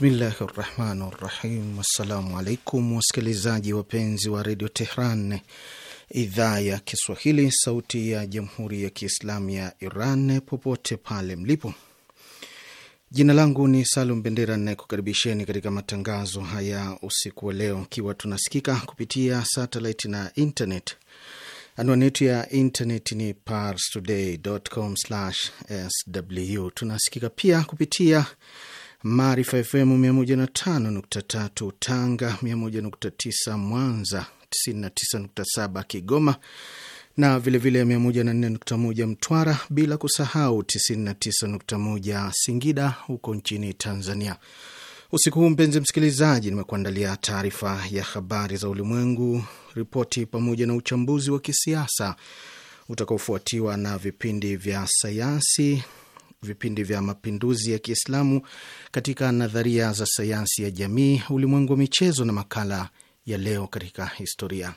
Bismillahi rahmani rahim. Assalamu alaikum wasikilizaji wapenzi wa redio Tehran, idhaa ya Kiswahili, sauti ya jamhuri ya kiislamu ya Iran, popote pale mlipo. Jina langu ni Salum Bendera nayekukaribisheni katika matangazo haya usiku wa leo, ikiwa tunasikika kupitia satellite na internet. Anwani yetu ya internet ni parstoday.com/sw. Tunasikika pia kupitia Maarifa FM 105.3 Tanga, 101.9 Mwanza, 99.7 Kigoma na vilevile 104.1 Mtwara, bila kusahau 99.1 Singida huko nchini Tanzania. Usiku huu mpenzi msikilizaji, nimekuandalia taarifa ya habari za ulimwengu, ripoti pamoja na uchambuzi wa kisiasa utakaofuatiwa na vipindi vya sayansi vipindi vya mapinduzi ya Kiislamu katika nadharia za sayansi ya jamii, ulimwengu wa michezo na makala ya leo katika historia.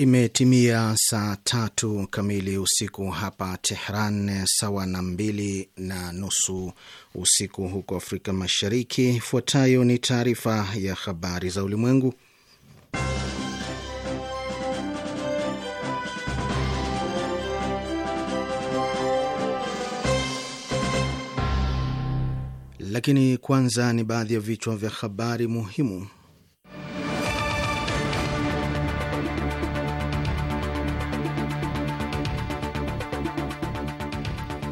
Imetimia saa tatu kamili usiku hapa Tehran, sawa na mbili na nusu usiku huko Afrika Mashariki. Ifuatayo ni taarifa ya habari za ulimwengu, lakini kwanza ni baadhi ya vichwa vya habari muhimu.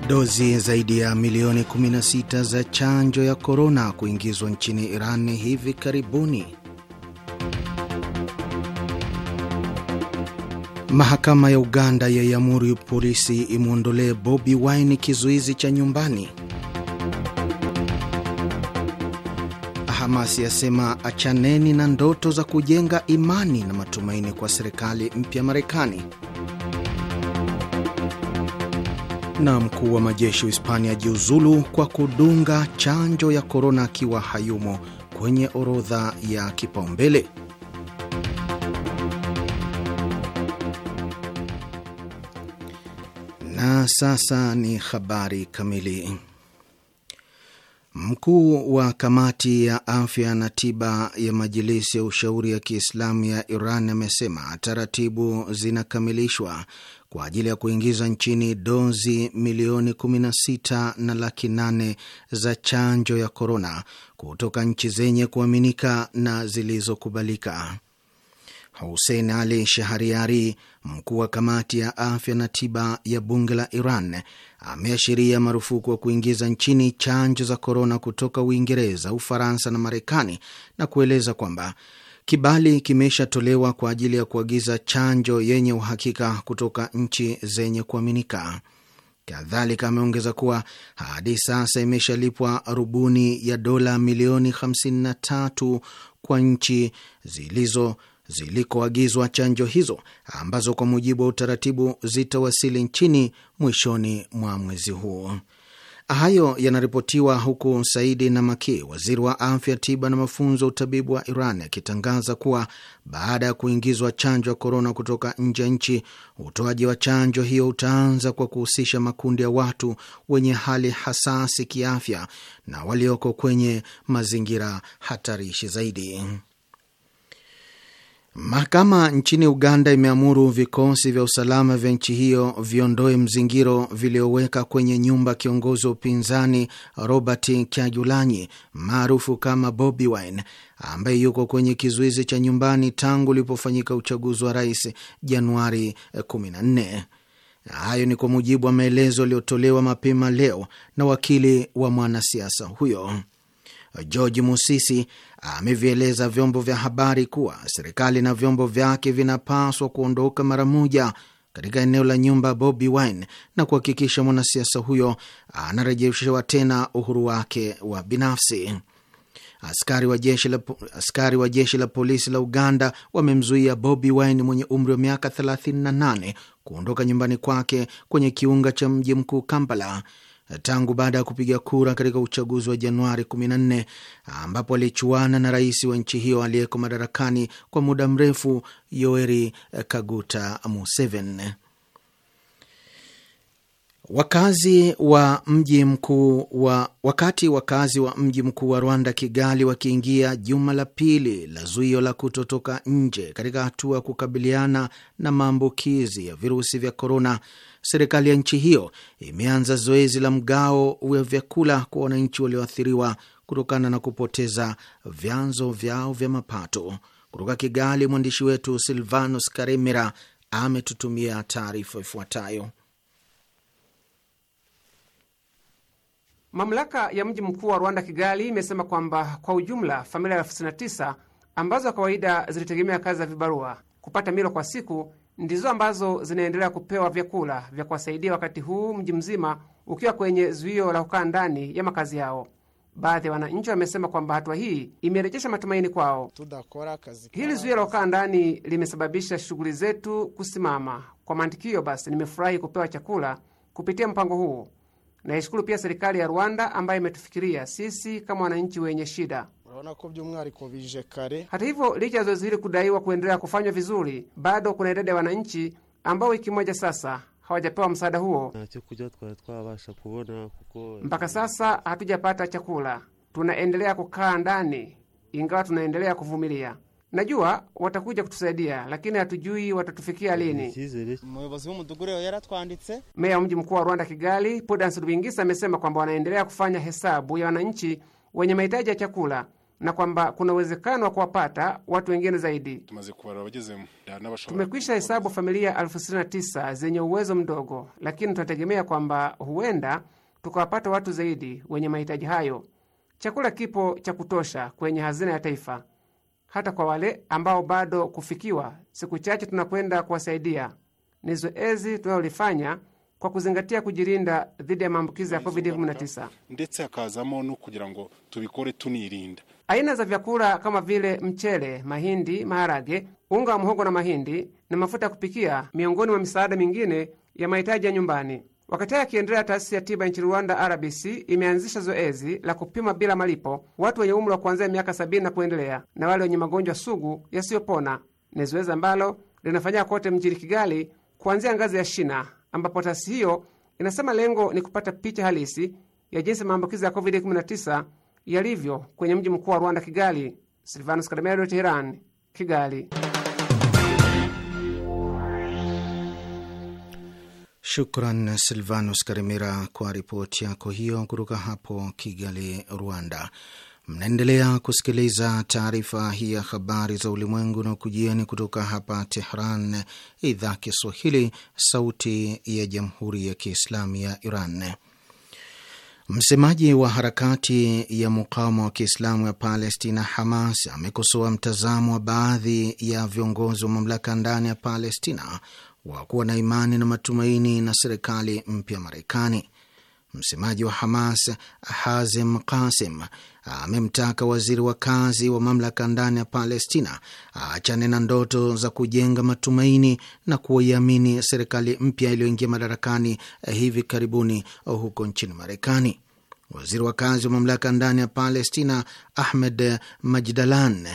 Dozi zaidi ya milioni 16 za chanjo ya korona kuingizwa nchini Iran hivi karibuni. Mahakama ya Uganda yaiamuru polisi imwondolee Bobi Wine kizuizi cha nyumbani. Hamas yasema achaneni na ndoto za kujenga imani na matumaini kwa serikali mpya Marekani. Na mkuu wa majeshi Hispania jiuzulu kwa kudunga chanjo ya korona akiwa hayumo kwenye orodha ya kipaumbele. Na sasa ni habari kamili. Mkuu wa kamati ya afya na tiba ya majilisi ya ushauri ya Kiislamu ya Iran amesema taratibu zinakamilishwa kwa ajili ya kuingiza nchini dozi milioni 16 na laki 8 za chanjo ya korona kutoka nchi zenye kuaminika na zilizokubalika. husein Ali Shahariari, mkuu wa kamati ya afya na tiba ya bunge la Iran, ameashiria marufuku wa kuingiza nchini chanjo za korona kutoka Uingereza, Ufaransa na Marekani na kueleza kwamba Kibali kimeshatolewa kwa ajili ya kuagiza chanjo yenye uhakika kutoka nchi zenye kuaminika. Kadhalika ameongeza kuwa hadi sasa imeshalipwa rubuni ya dola milioni 53 kwa nchi zilizo zilikoagizwa chanjo hizo ambazo kwa mujibu wa utaratibu zitawasili nchini mwishoni mwa mwezi huu. Hayo yanaripotiwa huku Saidi Namaki, waziri wa afya, tiba na mafunzo ya utabibu wa Iran, akitangaza kuwa baada ya kuingizwa chanjo ya korona kutoka nje ya nchi, utoaji wa chanjo hiyo utaanza kwa kuhusisha makundi ya watu wenye hali hasasi kiafya na walioko kwenye mazingira hatarishi zaidi. Mahakama nchini Uganda imeamuru vikosi vya usalama vya nchi hiyo viondoe mzingiro vilioweka kwenye nyumba kiongozi wa upinzani Robert Kyagulanyi maarufu kama Bobi Wine ambaye yuko kwenye kizuizi cha nyumbani tangu ulipofanyika uchaguzi wa rais Januari 14. Hayo ni kwa mujibu wa maelezo yaliyotolewa mapema leo na wakili wa mwanasiasa huyo George Musisi amevieleza vyombo vya habari kuwa serikali na vyombo vyake vinapaswa kuondoka mara moja katika eneo la nyumba Bobi Wine na kuhakikisha mwanasiasa huyo anarejeshewa tena uhuru wake wa binafsi. Askari wa jeshi la, askari wa jeshi la polisi la Uganda wamemzuia Bobi Wine mwenye umri wa miaka 38 kuondoka nyumbani kwake kwenye kiunga cha mji mkuu Kampala tangu baada ya kupiga kura katika uchaguzi wa Januari 14 ambapo alichuana na rais wa nchi hiyo aliyeko madarakani kwa muda mrefu Yoweri Kaguta Museveni. Wakazi wa mji mkuu wa wakati wakazi wa mji mkuu wa Rwanda Kigali wakiingia juma la pili la zuio la kutotoka nje katika hatua ya kukabiliana na maambukizi ya virusi vya korona, serikali ya nchi hiyo imeanza zoezi la mgao wa vyakula kwa wananchi walioathiriwa kutokana na kupoteza vyanzo vyao vya mapato. Kutoka Kigali, mwandishi wetu Silvanus Karemera ametutumia taarifa ifuatayo. Mamlaka ya mji mkuu wa Rwanda, Kigali, imesema kwamba kwa ujumla familia elfu ambazo kwa kawaida zilitegemea kazi za vibarua kupata milo kwa siku ndizo ambazo zinaendelea kupewa vyakula vya kuwasaidia, wakati huu mji mzima ukiwa kwenye zuio la kukaa ndani ya makazi yao. Baadhi ya wananchi wamesema kwamba hatua hii imerejesha matumaini kwao. Hili zuio la kukaa ndani limesababisha shughuli zetu kusimama. Kwa mantikio basi, nimefurahi kupewa chakula kupitia mpango huu. Naishukuru pia serikali ya Rwanda ambayo imetufikiria sisi kama wananchi wenye shida. Hata hivyo, licha ya zoezi hili kudaiwa kuendelea kufanywa vizuri, bado kuna idadi ya wananchi ambao wiki moja sasa hawajapewa msaada huo. Mpaka sasa hatujapata chakula, tunaendelea kukaa ndani, ingawa tunaendelea kuvumilia. Najua watakuja kutusaidia, lakini hatujui watatufikia lini. Meya wa mji mkuu wa Rwanda, Kigali, Prudensi Rubingisa, amesema kwamba wanaendelea kufanya hesabu ya wananchi wenye mahitaji ya chakula na kwamba kuna uwezekano wa kuwapata watu wengine zaidi. Tumekwisha hesabu familia elfu sitini na tisa zenye uwezo mdogo, lakini tunategemea kwamba huenda tukawapata watu zaidi wenye mahitaji hayo. Chakula kipo cha kutosha kwenye hazina ya taifa, hata kwa wale ambao bado kufikiwa. Siku chache tunakwenda kuwasaidia. Ni zoezi tunalolifanya kwa kuzingatia kujilinda dhidi ya maambukizi ya COVID-19 ndetse hakazamo no kugira ngo tubikore tunirinda Aina za vyakula kama vile mchele, mahindi, maharage, unga wa muhogo na mahindi na mafuta ya kupikia, miongoni mwa misaada mingine ya mahitaji ya nyumbani. Wakati hayo yakiendelea, taasisi ya tiba nchini Rwanda RBC imeanzisha zoezi la kupima bila malipo watu wenye umri wa kuanzia miaka sabini na kuendelea na wale wenye magonjwa sugu yasiyopona. Ni zoezi ambalo linafanyika kote mjini Kigali kuanzia ngazi ya shina, ambapo taasisi hiyo inasema lengo ni kupata picha halisi ya jinsi maambukizi ya COVID-19 yalivyo kwenye mji mkuu wa Rwanda, Kigali. Silvanus Karemera, Teheran, Kigali. Shukran Silvanus Karimira kwa ripoti yako hiyo kutoka hapo Kigali, Rwanda. Mnaendelea kusikiliza taarifa hii ya habari za ulimwengu na ukujiani kutoka hapa Tehran, idhaa Kiswahili, sauti ya jamhuri ya kiislamu ya Iran. Msemaji wa harakati ya mukawama wa Kiislamu ya Palestina, Hamas, amekosoa mtazamo wa baadhi ya viongozi wa mamlaka ndani ya Palestina wa kuwa na imani na matumaini na serikali mpya Marekani. Msemaji wa Hamas Hazem Kasim amemtaka waziri wa kazi wa mamlaka ndani ya Palestina aachane na ndoto za kujenga matumaini na kuiamini serikali mpya iliyoingia madarakani hivi karibuni huko nchini Marekani. Waziri wa kazi wa mamlaka ndani ya Palestina Ahmed Majdalan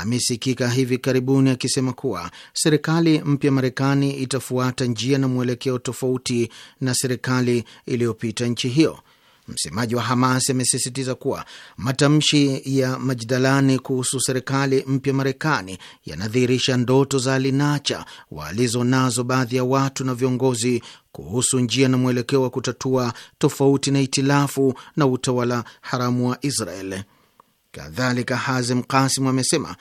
amesikika hivi karibuni akisema kuwa serikali mpya Marekani itafuata njia na mwelekeo tofauti na serikali iliyopita nchi hiyo Msemaji wa Hamas amesisitiza kuwa matamshi ya Majdalani kuhusu serikali mpya Marekani yanadhihirisha ndoto za alinacha walizo nazo baadhi ya watu na viongozi kuhusu njia na mwelekeo wa kutatua tofauti na itilafu na utawala haramu wa Israel. Kadhalika, Hazem Kasim amesema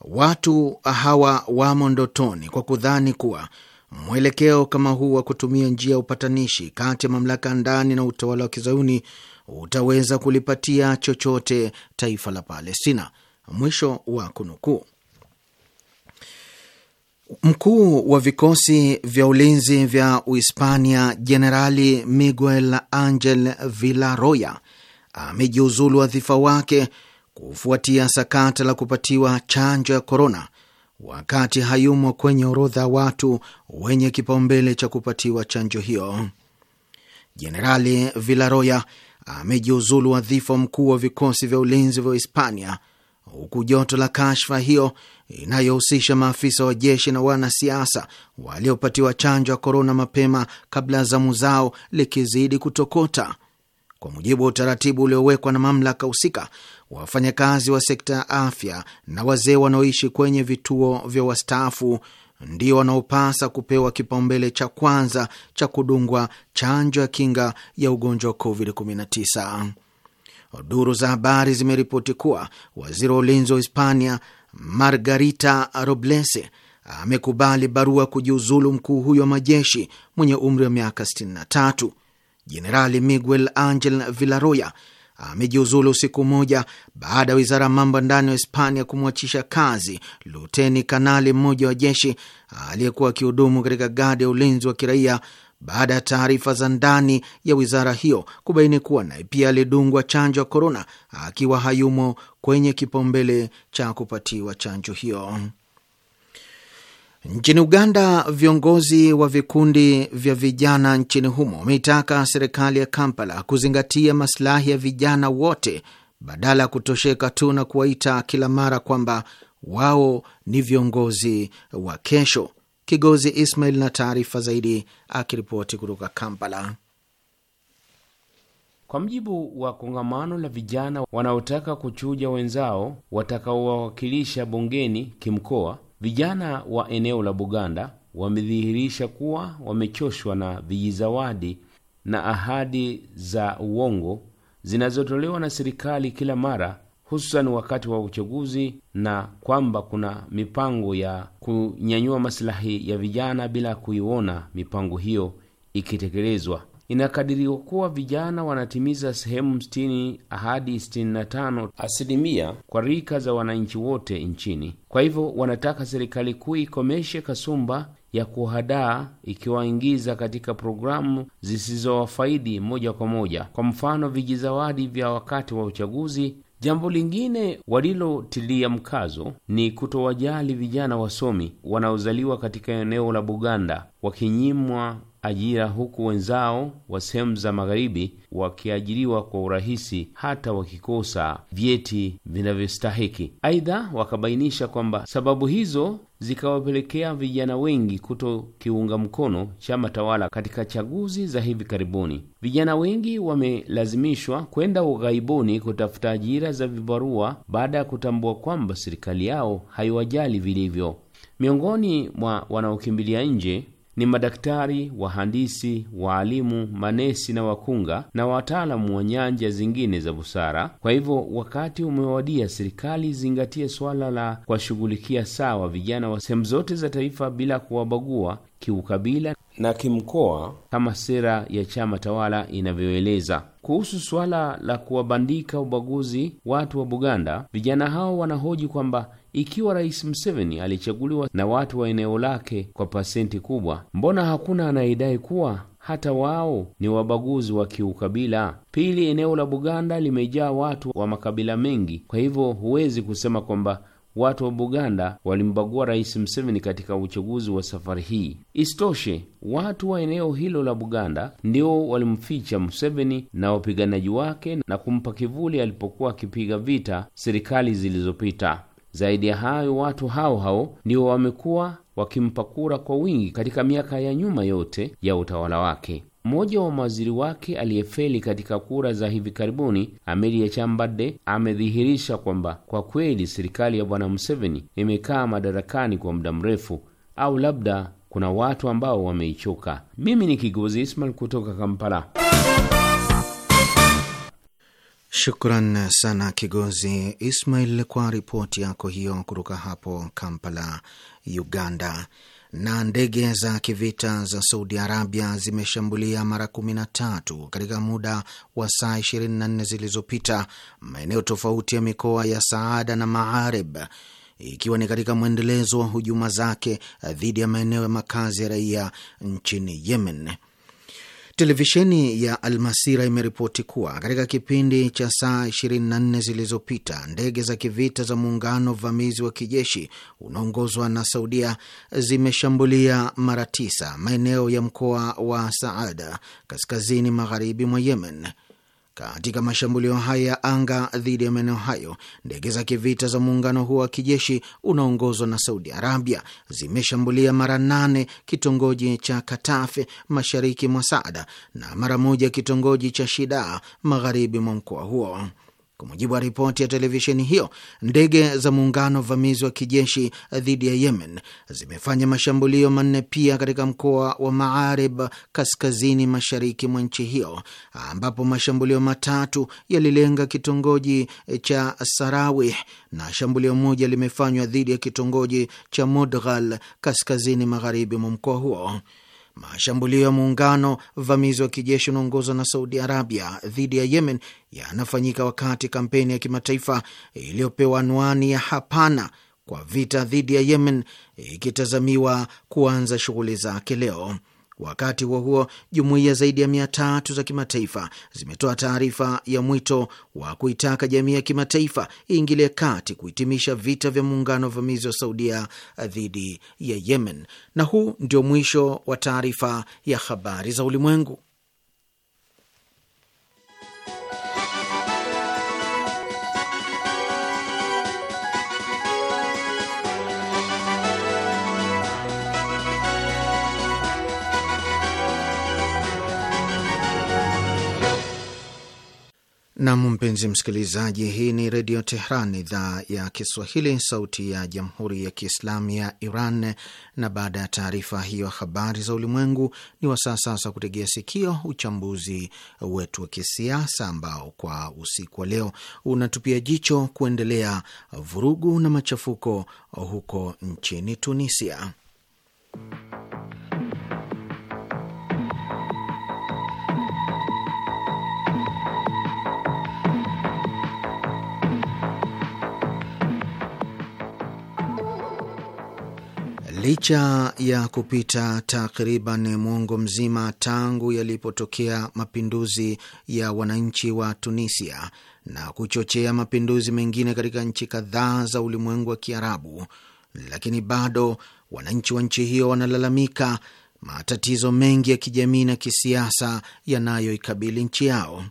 watu hawa wamo ndotoni kwa kudhani kuwa Mwelekeo kama huu wa kutumia njia ya upatanishi kati ya mamlaka ndani na utawala wa kizayuni utaweza kulipatia chochote taifa la Palestina. Mwisho wa kunukuu. Mkuu wa vikosi vya ulinzi vya Uhispania Jenerali Miguel Angel Villaroya amejiuzulu wadhifa wake kufuatia sakata la kupatiwa chanjo ya korona wakati hayumo kwenye orodha watu wenye kipaumbele cha kupatiwa chanjo hiyo. Jenerali Villaroya amejiuzulu wadhifa mkuu wa vikosi vya ulinzi vya Hispania, huku joto la kashfa hiyo inayohusisha maafisa wa jeshi na wanasiasa waliopatiwa chanjo ya korona mapema kabla ya zamu zao likizidi kutokota kwa mujibu wa utaratibu uliowekwa na mamlaka husika, wafanyakazi wa sekta ya afya na wazee wanaoishi kwenye vituo vya wastaafu ndio wanaopasa kupewa kipaumbele cha kwanza cha kudungwa chanjo ya kinga ya ugonjwa wa COVID-19. Duru za habari zimeripoti kuwa waziri wa ulinzi wa Hispania, Margarita Roblese, amekubali barua kujiuzulu mkuu huyo wa majeshi mwenye umri wa miaka 63. Jenerali Miguel Angel Villaroya amejiuzulu siku moja baada ya wizara ya mambo ya ndani ya Hispania kumwachisha kazi luteni kanali mmoja wa jeshi aliyekuwa akihudumu katika gadi ya ulinzi wa kiraia baada ya taarifa za ndani ya wizara hiyo kubaini kuwa naye pia alidungwa chanjo ya korona akiwa hayumo kwenye kipaumbele cha kupatiwa chanjo hiyo. Nchini Uganda, viongozi wa vikundi vya vijana nchini humo wameitaka serikali ya Kampala kuzingatia masilahi ya vijana wote badala ya kutosheka tu na kuwaita kila mara kwamba wao ni viongozi wa kesho. Kigozi Ismail na taarifa zaidi akiripoti kutoka Kampala. Kwa mjibu wa kongamano la vijana wanaotaka kuchuja wenzao watakaowawakilisha bungeni kimkoa Vijana wa eneo la Buganda wamedhihirisha kuwa wamechoshwa na vijizawadi na ahadi za uongo zinazotolewa na serikali kila mara, hususan wakati wa uchaguzi, na kwamba kuna mipango ya kunyanyua masilahi ya vijana bila kuiona mipango hiyo ikitekelezwa. Inakadiriwa kuwa vijana wanatimiza sehemu 60 hadi 65 asilimia kwa rika za wananchi wote nchini. Kwa hivyo wanataka serikali kuu ikomeshe kasumba ya kuhadaa ikiwaingiza katika programu zisizowafaidi moja kwa moja, kwa mfano vijizawadi vya wakati wa uchaguzi. Jambo lingine walilotilia mkazo ni kutowajali vijana wasomi wanaozaliwa katika eneo la Buganda wakinyimwa ajira, huku wenzao wa sehemu za magharibi wakiajiriwa kwa urahisi hata wakikosa vyeti vinavyostahiki. Aidha, wakabainisha kwamba sababu hizo zikawapelekea vijana wengi kutokiunga mkono chama tawala katika chaguzi za hivi karibuni. Vijana wengi wamelazimishwa kwenda ughaibuni kutafuta ajira za vibarua baada ya kutambua kwamba serikali yao haiwajali vilivyo. Miongoni mwa wanaokimbilia nje ni madaktari, wahandisi, waalimu, manesi na wakunga na wataalamu wa nyanja zingine za busara. Kwa hivyo wakati umewadia, serikali zingatie suala la kuwashughulikia sawa vijana wa sehemu zote za taifa bila kuwabagua kiukabila na kimkoa kama sera ya chama tawala inavyoeleza. Kuhusu suala la kuwabandika ubaguzi watu wa Buganda, vijana hao wanahoji kwamba ikiwa Rais Museveni alichaguliwa na watu wa eneo lake kwa pasenti kubwa, mbona hakuna anayedai kuwa hata wao ni wabaguzi wa kiukabila? Pili, eneo la Buganda limejaa watu wa makabila mengi, kwa hivyo huwezi kusema kwamba watu wa Buganda walimbagua Rais Museveni katika uchaguzi wa safari hii. Isitoshe, watu wa eneo hilo la Buganda ndio walimficha Museveni na wapiganaji wake na kumpa kivuli alipokuwa akipiga vita serikali zilizopita. Zaidi ya hayo, watu hao hao ndio wamekuwa wakimpa kura kwa wingi katika miaka ya nyuma yote ya utawala wake. Mmoja wa mawaziri wake aliyefeli katika kura za hivi karibuni, Amelia Chambade, amedhihirisha kwamba kwa kweli serikali ya Bwana Museveni imekaa madarakani kwa muda mrefu, au labda kuna watu ambao wameichoka. Mimi ni Kigozi Ismail kutoka Kampala. Shukran sana Kigozi Ismail kwa ripoti yako hiyo kutoka hapo Kampala, Uganda. Na ndege za kivita za Saudi Arabia zimeshambulia mara 13 katika muda wa saa 24 zilizopita maeneo tofauti ya mikoa ya Saada na Maarib, ikiwa ni katika mwendelezo wa hujuma zake dhidi ya maeneo ya makazi ya raia nchini Yemen. Televisheni ya Almasira imeripoti kuwa katika kipindi cha saa 24 zilizopita ndege za kivita za muungano vamizi wa kijeshi unaongozwa na Saudia zimeshambulia mara tisa maeneo ya mkoa wa Saada kaskazini magharibi mwa Yemen. Katika mashambulio haya ya anga dhidi ya maeneo hayo, ndege za kivita za muungano huo wa kijeshi unaongozwa na Saudi Arabia zimeshambulia mara nane kitongoji cha Katafe mashariki mwa Saada na mara moja kitongoji cha Shidaa magharibi mwa mkoa huo. Kwa mujibu wa ripoti ya televisheni hiyo, ndege za muungano vamizi wa kijeshi dhidi ya Yemen zimefanya mashambulio manne pia katika mkoa wa Maarib kaskazini mashariki mwa nchi hiyo, ambapo mashambulio matatu yalilenga kitongoji cha Sarawih na shambulio moja limefanywa dhidi ya kitongoji cha Mudghal kaskazini magharibi mwa mkoa huo. Mashambulio ya muungano vamizi wa kijeshi unaongozwa na Saudi Arabia dhidi ya Yemen yanafanyika wakati kampeni ya kimataifa iliyopewa anwani ya hapana kwa vita dhidi ya Yemen ikitazamiwa kuanza shughuli zake leo. Wakati huo huo, jumuiya zaidi ya mia tatu za kimataifa zimetoa taarifa ya mwito wa kuitaka jamii ya kimataifa iingilie kati kuhitimisha vita vya muungano wa uvamizi wa Saudia dhidi ya Yemen. Na huu ndio mwisho wa taarifa ya habari za ulimwengu. Nam, mpenzi msikilizaji, hii ni Redio Tehran, idhaa ya Kiswahili, sauti ya Jamhuri ya Kiislamu ya Iran. Na baada ya taarifa hiyo habari za ulimwengu, ni wasaa sasa kutegea sikio uchambuzi wetu wa kisiasa ambao kwa usiku wa leo unatupia jicho kuendelea vurugu na machafuko huko nchini Tunisia. Licha ya kupita takriban mwongo mzima tangu yalipotokea mapinduzi ya wananchi wa Tunisia na kuchochea mapinduzi mengine katika nchi kadhaa za ulimwengu wa Kiarabu, lakini bado wananchi wa nchi hiyo wanalalamika matatizo mengi ya kijamii na kisiasa yanayoikabili nchi yao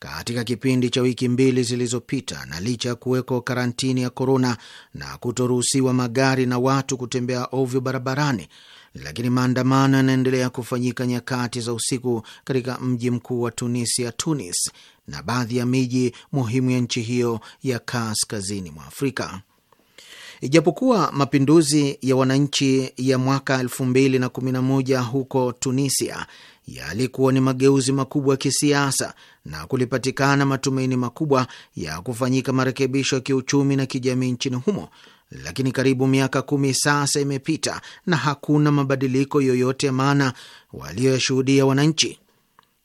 katika kipindi cha wiki mbili zilizopita, na licha ya kuwekwa karantini ya korona na kutoruhusiwa magari na watu kutembea ovyo barabarani, lakini maandamano yanaendelea kufanyika nyakati za usiku katika mji mkuu wa Tunisia, Tunis, na baadhi ya miji muhimu ya nchi hiyo ya kaskazini mwa Afrika. Ijapokuwa mapinduzi ya wananchi ya mwaka 2011 huko Tunisia yalikuwa ni mageuzi makubwa ya kisiasa na kulipatikana matumaini makubwa ya kufanyika marekebisho ya kiuchumi na kijamii nchini humo, lakini karibu miaka kumi sasa imepita na hakuna mabadiliko yoyote ya maana walioyashuhudia wananchi.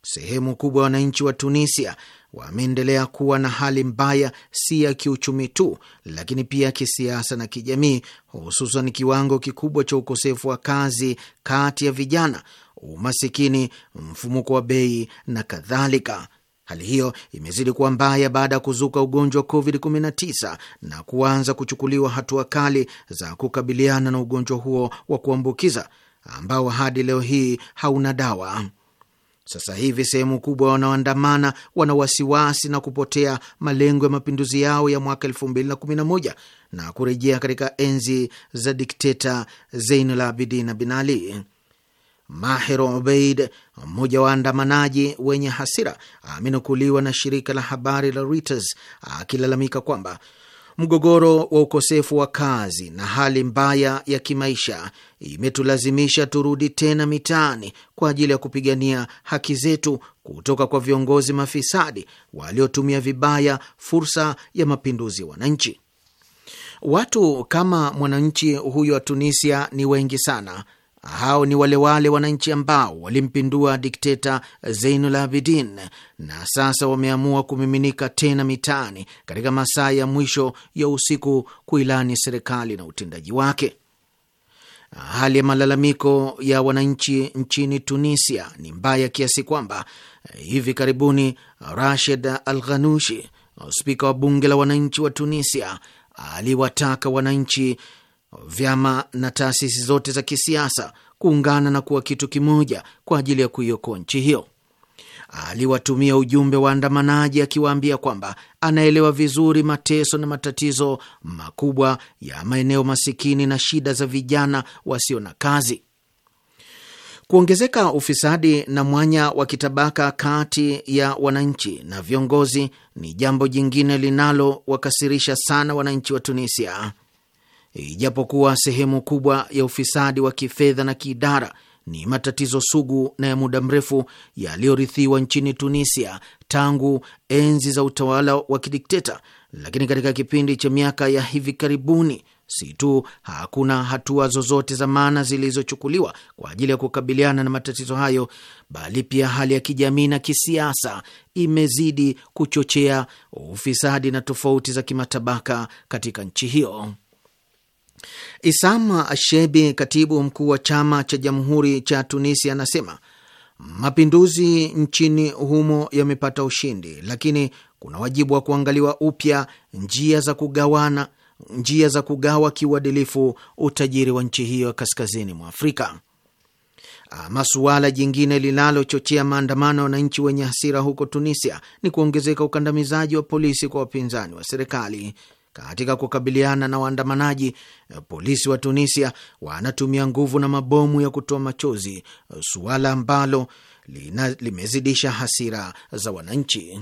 Sehemu kubwa ya wananchi wa Tunisia wameendelea kuwa na hali mbaya, si ya kiuchumi tu, lakini pia kisiasa na kijamii, hususan kiwango kikubwa cha ukosefu wa kazi kati ya vijana umasikini, mfumuko wa bei na kadhalika. Hali hiyo imezidi kuwa mbaya baada ya kuzuka ugonjwa wa COVID-19 na kuanza kuchukuliwa hatua kali za kukabiliana na ugonjwa huo wa kuambukiza ambao hadi leo hii hauna dawa. Sasa hivi sehemu kubwa wanaoandamana wana wasiwasi na kupotea malengo ya mapinduzi yao ya mwaka 2011 na kurejea katika enzi za dikteta Zeinul Abidin Bin Ali. Maher Obeid, mmoja wa waandamanaji wenye hasira, amenukuliwa na shirika la habari la Reuters akilalamika kwamba mgogoro wa ukosefu wa kazi na hali mbaya ya kimaisha imetulazimisha turudi tena mitaani kwa ajili ya kupigania haki zetu kutoka kwa viongozi mafisadi waliotumia vibaya fursa ya mapinduzi ya wananchi. Watu kama mwananchi huyo wa Tunisia ni wengi sana hao ni walewale wananchi ambao walimpindua dikteta Zeinul Abidin na sasa wameamua kumiminika tena mitaani katika masaa ya mwisho ya usiku kuilani serikali na utendaji wake. Hali ya malalamiko ya wananchi nchini Tunisia ni mbaya kiasi kwamba eh, hivi karibuni Rashid Al Ghanushi, spika wa bunge la wananchi wa Tunisia, aliwataka wananchi vyama na taasisi zote za kisiasa kuungana na kuwa kitu kimoja kwa ajili ya kuiokoa nchi hiyo. Aliwatumia ujumbe waandamanaji akiwaambia kwamba anaelewa vizuri mateso na matatizo makubwa ya maeneo masikini na shida za vijana wasio na kazi. Kuongezeka ufisadi na mwanya wa kitabaka kati ya wananchi na viongozi ni jambo jingine linalowakasirisha sana wananchi wa Tunisia. E, ijapokuwa sehemu kubwa ya ufisadi wa kifedha na kiidara ni matatizo sugu na ya muda mrefu yaliyorithiwa nchini Tunisia tangu enzi za utawala wa kidikteta, lakini katika kipindi cha miaka ya hivi karibuni si tu hakuna hatua zozote za maana zilizochukuliwa kwa ajili ya kukabiliana na matatizo hayo, bali pia hali ya kijamii na kisiasa imezidi kuchochea ufisadi na tofauti za kimatabaka katika nchi hiyo. Isama Ashebi, katibu mkuu wa chama cha jamhuri cha Tunisia, anasema mapinduzi nchini humo yamepata ushindi, lakini kuna wajibu wa kuangaliwa upya njia za kugawana njia za kugawa kiuadilifu utajiri wa nchi hiyo kaskazini mwa Afrika. Ama suala jingine linalochochea maandamano ya wananchi wenye hasira huko Tunisia ni kuongezeka ukandamizaji wa polisi kwa wapinzani wa serikali. Katika kukabiliana na waandamanaji, polisi wa Tunisia wanatumia nguvu na mabomu ya kutoa machozi, suala ambalo lina, limezidisha hasira za wananchi.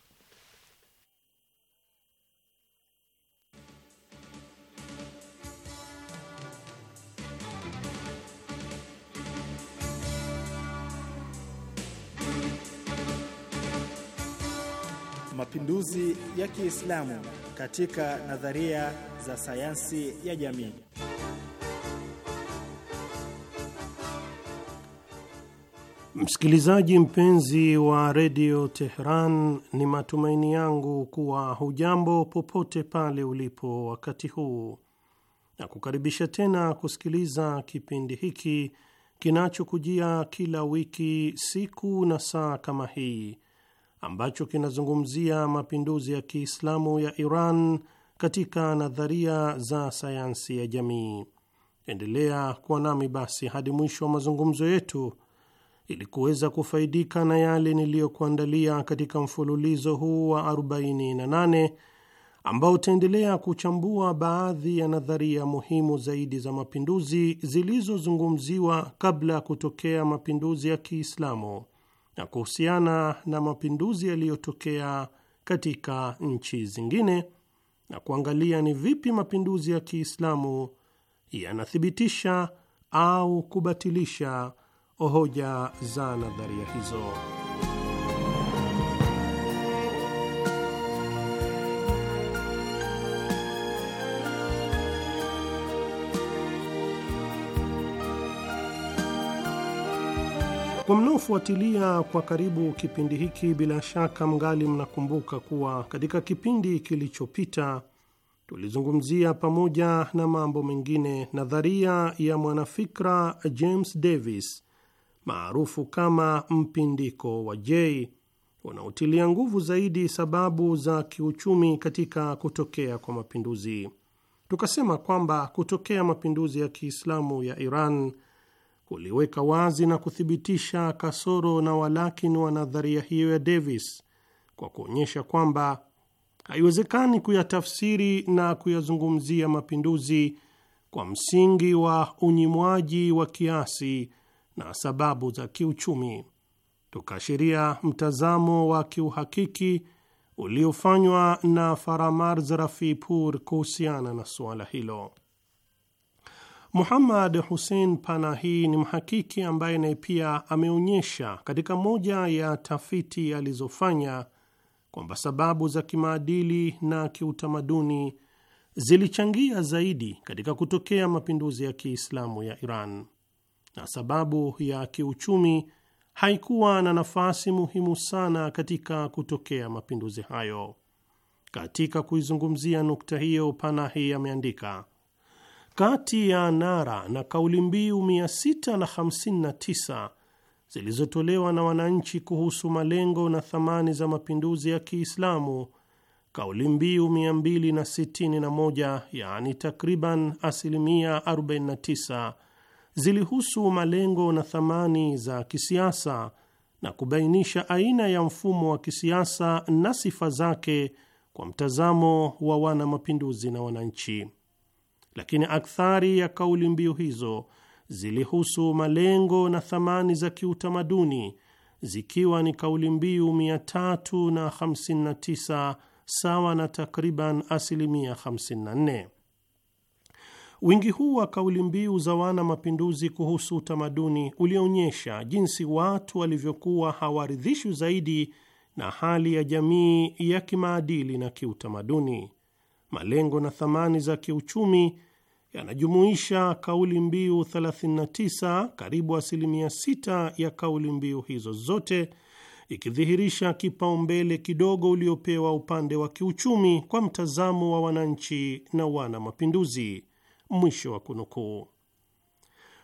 mapinduzi ya Kiislamu katika nadharia za sayansi ya jamii. Msikilizaji mpenzi wa redio Tehran, ni matumaini yangu kuwa hujambo popote pale ulipo wakati huu, na kukaribisha tena kusikiliza kipindi hiki kinachokujia kila wiki siku na saa kama hii ambacho kinazungumzia mapinduzi ya Kiislamu ya Iran katika nadharia za sayansi ya jamii. Endelea kuwa nami basi hadi mwisho wa mazungumzo yetu ili kuweza kufaidika na yale niliyokuandalia katika mfululizo huu wa 48 ambao utaendelea kuchambua baadhi ya nadharia muhimu zaidi za mapinduzi zilizozungumziwa kabla ya kutokea mapinduzi ya Kiislamu na kuhusiana na mapinduzi yaliyotokea katika nchi zingine na kuangalia ni vipi mapinduzi ya Kiislamu yanathibitisha au kubatilisha hoja za nadharia hizo. Kwa mnaofuatilia kwa karibu kipindi hiki, bila shaka mngali mnakumbuka kuwa katika kipindi kilichopita tulizungumzia pamoja na mambo mengine nadharia ya mwanafikra James Davis maarufu kama mpindiko wa J unaotilia nguvu zaidi sababu za kiuchumi katika kutokea kwa mapinduzi. Tukasema kwamba kutokea mapinduzi ya Kiislamu ya Iran kuliweka wazi na kuthibitisha kasoro na walakini wa nadharia hiyo ya Davis kwa kuonyesha kwamba haiwezekani kuyatafsiri na kuyazungumzia mapinduzi kwa msingi wa unyimwaji wa kiasi na sababu za kiuchumi. Tukaashiria mtazamo wa kiuhakiki uliofanywa na Faramarz Rafipour kuhusiana na suala hilo. Muhammad Hussein Panahi ni mhakiki ambaye naye pia ameonyesha katika moja ya tafiti alizofanya kwamba sababu za kimaadili na kiutamaduni zilichangia zaidi katika kutokea mapinduzi ya Kiislamu ya Iran, na sababu ya kiuchumi haikuwa na nafasi muhimu sana katika kutokea mapinduzi hayo. Katika kuizungumzia nukta hiyo, Panahi ameandika: kati ya nara na kauli mbiu 659 zilizotolewa na wananchi kuhusu malengo na thamani za mapinduzi ya Kiislamu, kauli mbiu 261 yaani takriban asilimia 49 zilihusu malengo na thamani za kisiasa na kubainisha aina ya mfumo wa kisiasa na sifa zake kwa mtazamo wa wana mapinduzi na wananchi lakini akthari ya kauli mbiu hizo zilihusu malengo na thamani za kiutamaduni zikiwa ni kauli mbiu 359 sawa na takriban asilimia 54. Wingi huu wa kauli mbiu za wana mapinduzi kuhusu utamaduni ulionyesha jinsi watu walivyokuwa hawaridhishwi zaidi na hali ya jamii ya kimaadili na kiutamaduni malengo na thamani za kiuchumi yanajumuisha kauli mbiu 39, karibu asilimia 6 ya kauli mbiu hizo zote ikidhihirisha kipaumbele kidogo uliopewa upande wa kiuchumi kwa mtazamo wa wananchi na wana mapinduzi. Mwisho wa kunukuu.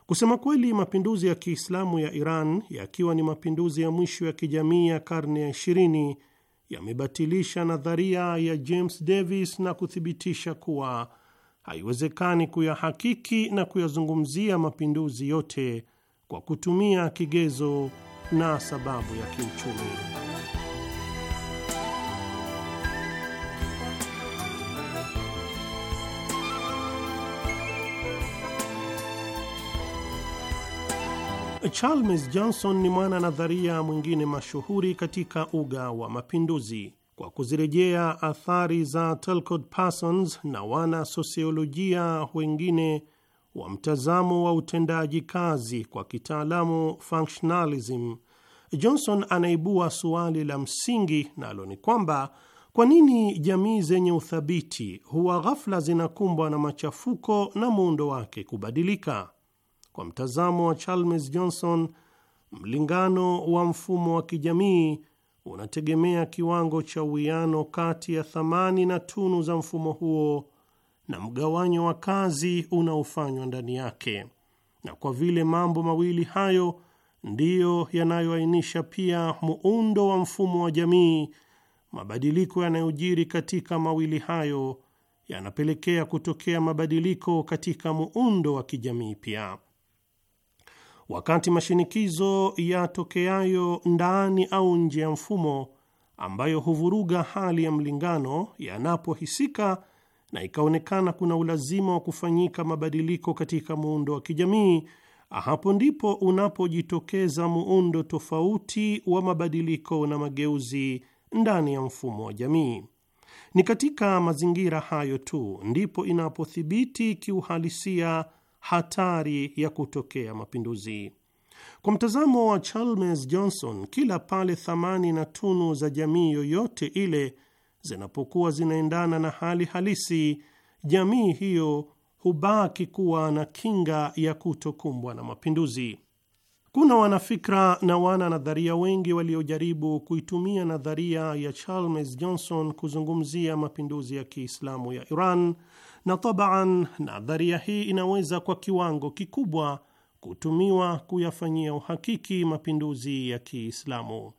Kusema kweli, mapinduzi ya Kiislamu ya Iran yakiwa ni mapinduzi ya mwisho ya kijamii ya karne ya 20 yamebatilisha nadharia ya James Davis na kuthibitisha kuwa haiwezekani kuyahakiki na kuyazungumzia mapinduzi yote kwa kutumia kigezo na sababu ya kiuchumi. Chalmers Johnson ni mwana nadharia mwingine mashuhuri katika uga wa mapinduzi. Kwa kuzirejea athari za Talcott Parsons na wana sosiolojia wengine wa mtazamo wa utendaji kazi, kwa kitaalamu functionalism, Johnson anaibua suali la msingi, nalo ni kwamba kwa nini jamii zenye uthabiti huwa ghafla zinakumbwa na machafuko na muundo wake kubadilika? Kwa mtazamo wa Chalmers Johnson, mlingano wa mfumo wa kijamii unategemea kiwango cha uwiano kati ya thamani na tunu za mfumo huo na mgawanyo wa kazi unaofanywa ndani yake, na kwa vile mambo mawili hayo ndiyo yanayoainisha pia muundo wa mfumo wa jamii, mabadiliko yanayojiri katika mawili hayo yanapelekea kutokea mabadiliko katika muundo wa kijamii pia wakati mashinikizo yatokeayo ndani au nje ya mfumo ambayo huvuruga hali ya mlingano yanapohisika na ikaonekana kuna ulazima wa kufanyika mabadiliko katika muundo wa kijamii, hapo ndipo unapojitokeza muundo tofauti wa mabadiliko na mageuzi ndani ya mfumo wa jamii. Ni katika mazingira hayo tu ndipo inapothibiti kiuhalisia hatari ya kutokea mapinduzi. Kwa mtazamo wa Chalmers Johnson, kila pale thamani na tunu za jamii yoyote ile zinapokuwa zinaendana na hali halisi, jamii hiyo hubaki kuwa na kinga ya kutokumbwa na mapinduzi. Kuna wanafikra na wana nadharia wengi waliojaribu kuitumia nadharia ya Chalmers Johnson kuzungumzia mapinduzi ya Kiislamu ya Iran na tabaan, nadharia hii inaweza kwa kiwango kikubwa kutumiwa kuyafanyia uhakiki mapinduzi ya Kiislamu,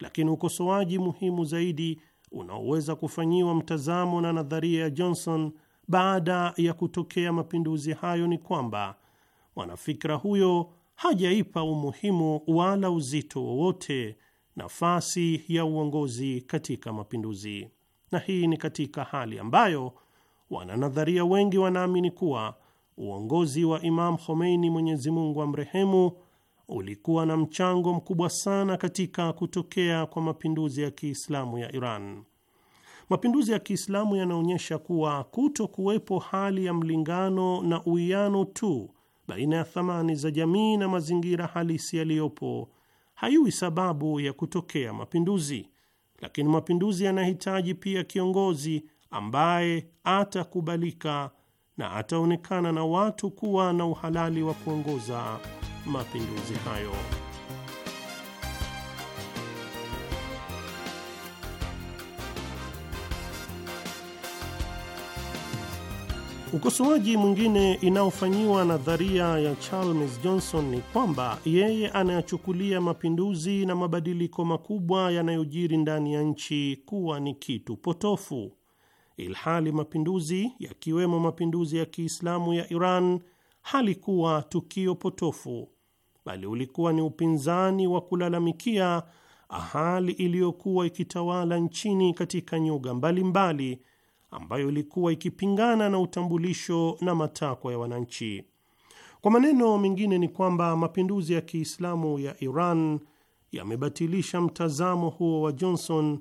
lakini ukosoaji muhimu zaidi unaoweza kufanyiwa mtazamo na nadharia ya Johnson baada ya kutokea mapinduzi hayo ni kwamba mwanafikra huyo hajaipa umuhimu wala uzito wowote nafasi ya uongozi katika mapinduzi, na hii ni katika hali ambayo Wananadharia wengi wanaamini kuwa uongozi wa Imam Khomeini, Mwenyezi Mungu amrehemu, ulikuwa na mchango mkubwa sana katika kutokea kwa mapinduzi ya Kiislamu ya Iran. Mapinduzi ya Kiislamu yanaonyesha kuwa kuto kuwepo hali ya mlingano na uwiano tu baina ya thamani za jamii na mazingira halisi yaliyopo haiwi sababu ya kutokea mapinduzi, lakini mapinduzi yanahitaji pia kiongozi ambaye atakubalika na ataonekana na watu kuwa na uhalali wa kuongoza mapinduzi hayo. Ukosoaji mwingine inayofanyiwa nadharia ya Charles Johnson ni kwamba yeye anayachukulia mapinduzi na mabadiliko makubwa yanayojiri ndani ya nchi kuwa ni kitu potofu ilhali mapinduzi yakiwemo mapinduzi ya Kiislamu ya Iran halikuwa tukio potofu, bali ulikuwa ni upinzani wa kulalamikia hali iliyokuwa ikitawala nchini katika nyuga mbalimbali mbali, ambayo ilikuwa ikipingana na utambulisho na matakwa ya wananchi. Kwa maneno mengine ni kwamba mapinduzi ya Kiislamu ya Iran yamebatilisha mtazamo huo wa Johnson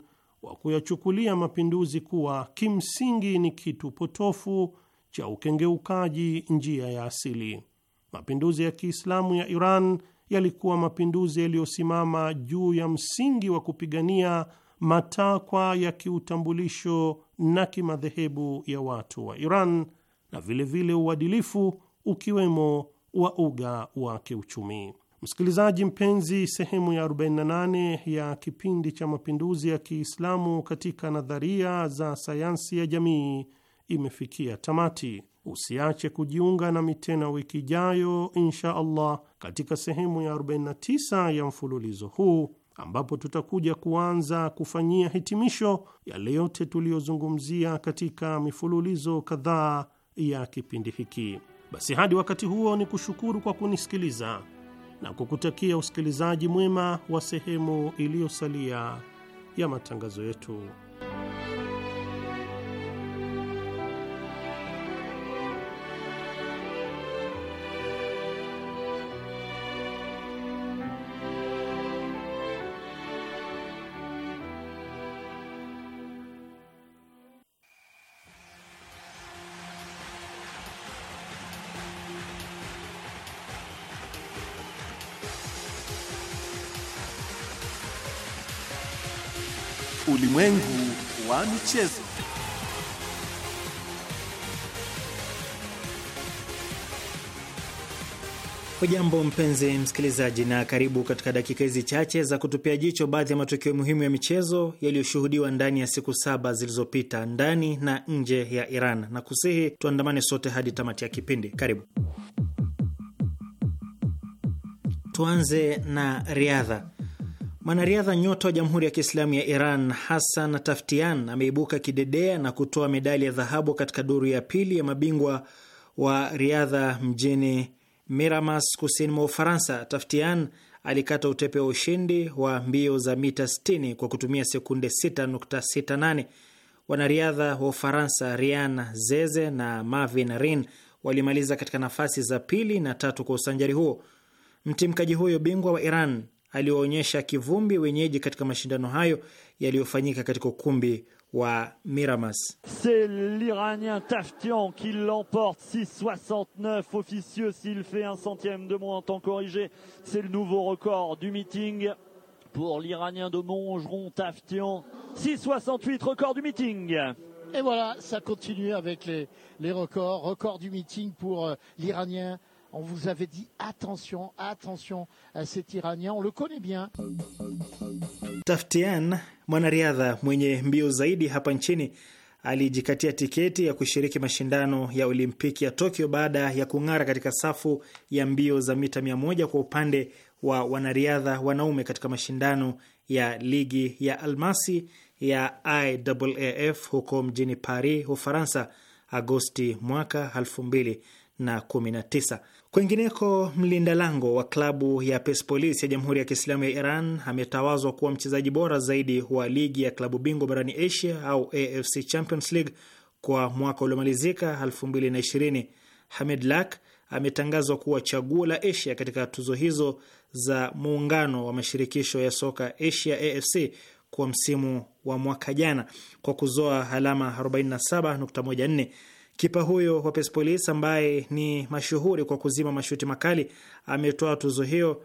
kwa kuyachukulia mapinduzi kuwa kimsingi ni kitu potofu cha ukengeukaji njia ya asili. Mapinduzi ya Kiislamu ya Iran yalikuwa mapinduzi yaliyosimama juu ya msingi wa kupigania matakwa ya kiutambulisho na kimadhehebu ya watu wa Iran na vilevile vile uadilifu ukiwemo wa uga wa kiuchumi. Msikilizaji mpenzi, sehemu ya 48 ya kipindi cha mapinduzi ya Kiislamu katika nadharia za sayansi ya jamii imefikia tamati. Usiache kujiunga nami tena wiki ijayo insha Allah katika sehemu ya 49 ya mfululizo huu ambapo tutakuja kuanza kufanyia hitimisho yale yote tuliyozungumzia katika mifululizo kadhaa ya kipindi hiki. Basi hadi wakati huo, ni kushukuru kwa kunisikiliza na kukutakia usikilizaji mwema wa sehemu iliyosalia ya matangazo yetu. Ulimwengu wa michezo. Hujambo mpenzi msikilizaji, na karibu katika dakika hizi chache za kutupia jicho baadhi ya matukio muhimu ya michezo yaliyoshuhudiwa ndani ya siku saba zilizopita ndani na nje ya Iran, na kusihi tuandamane sote hadi tamati ya kipindi. Karibu. Tuanze na riadha. Mwanariadha nyota wa Jamhuri ya Kiislamu ya Iran Hassan Taftian ameibuka kidedea na kutoa medali ya dhahabu katika duru ya pili ya mabingwa wa riadha mjini Miramas, kusini mwa Ufaransa. Taftian alikata utepe wa ushindi wa mbio za mita 60 kwa kutumia sekunde 6.68. Wanariadha wa Ufaransa Rian Zeze na Marvin Rin walimaliza katika nafasi za pili na tatu kwa usanjari huo. Mtimkaji huyo bingwa wa Iran C'est l'Iranien Taftian qui l'emporte 6,69 officieux s'il fait un centième de moins en temps corrigé. C'est le nouveau record du meeting pour l'Iranien de Montgeron Taftian. 6,68 record du meeting. Et voilà, ça continue avec les, records. Record du meeting pour euh, l'Iranien On vous avait dit attention, attention à cet Iranien, on le connaît bien. Taftian, mwanariadha mwenye mbio zaidi hapa nchini, alijikatia tiketi ya kushiriki mashindano ya Olimpiki ya Tokyo baada ya kung'ara katika safu ya mbio za mita 100 kwa upande wa wanariadha wanaume katika mashindano ya ligi ya almasi ya IAAF huko mjini Paris, Ufaransa, Agosti mwaka 2019. Kwingineko, mlinda lango wa klabu ya Persepolis ya Jamhuri ya Kiislamu ya Iran ametawazwa kuwa mchezaji bora zaidi wa ligi ya klabu bingwa barani Asia au AFC Champions League kwa mwaka uliomalizika 2020. Hamed Lak ametangazwa kuwa chaguo la Asia katika tuzo hizo za muungano wa mashirikisho ya soka Asia AFC kwa msimu wa mwaka jana kwa kuzoa alama 47.14. Kipa huyo wa Persepolis ambaye ni mashuhuri kwa kuzima mashuti makali ametoa tuzo hiyo